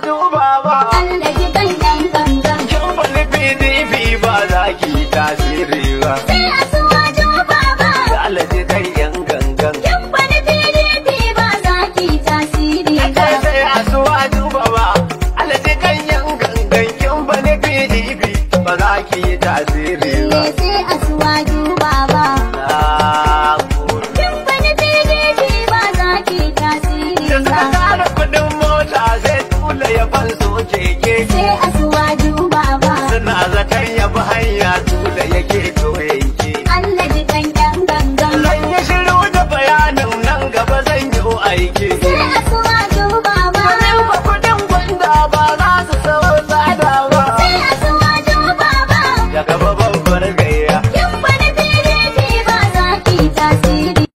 duba ba Allah ki dan dan dan dan kin bani PDP ba za ki tasiri ba ba za ki tasiri ba eh, sai aiki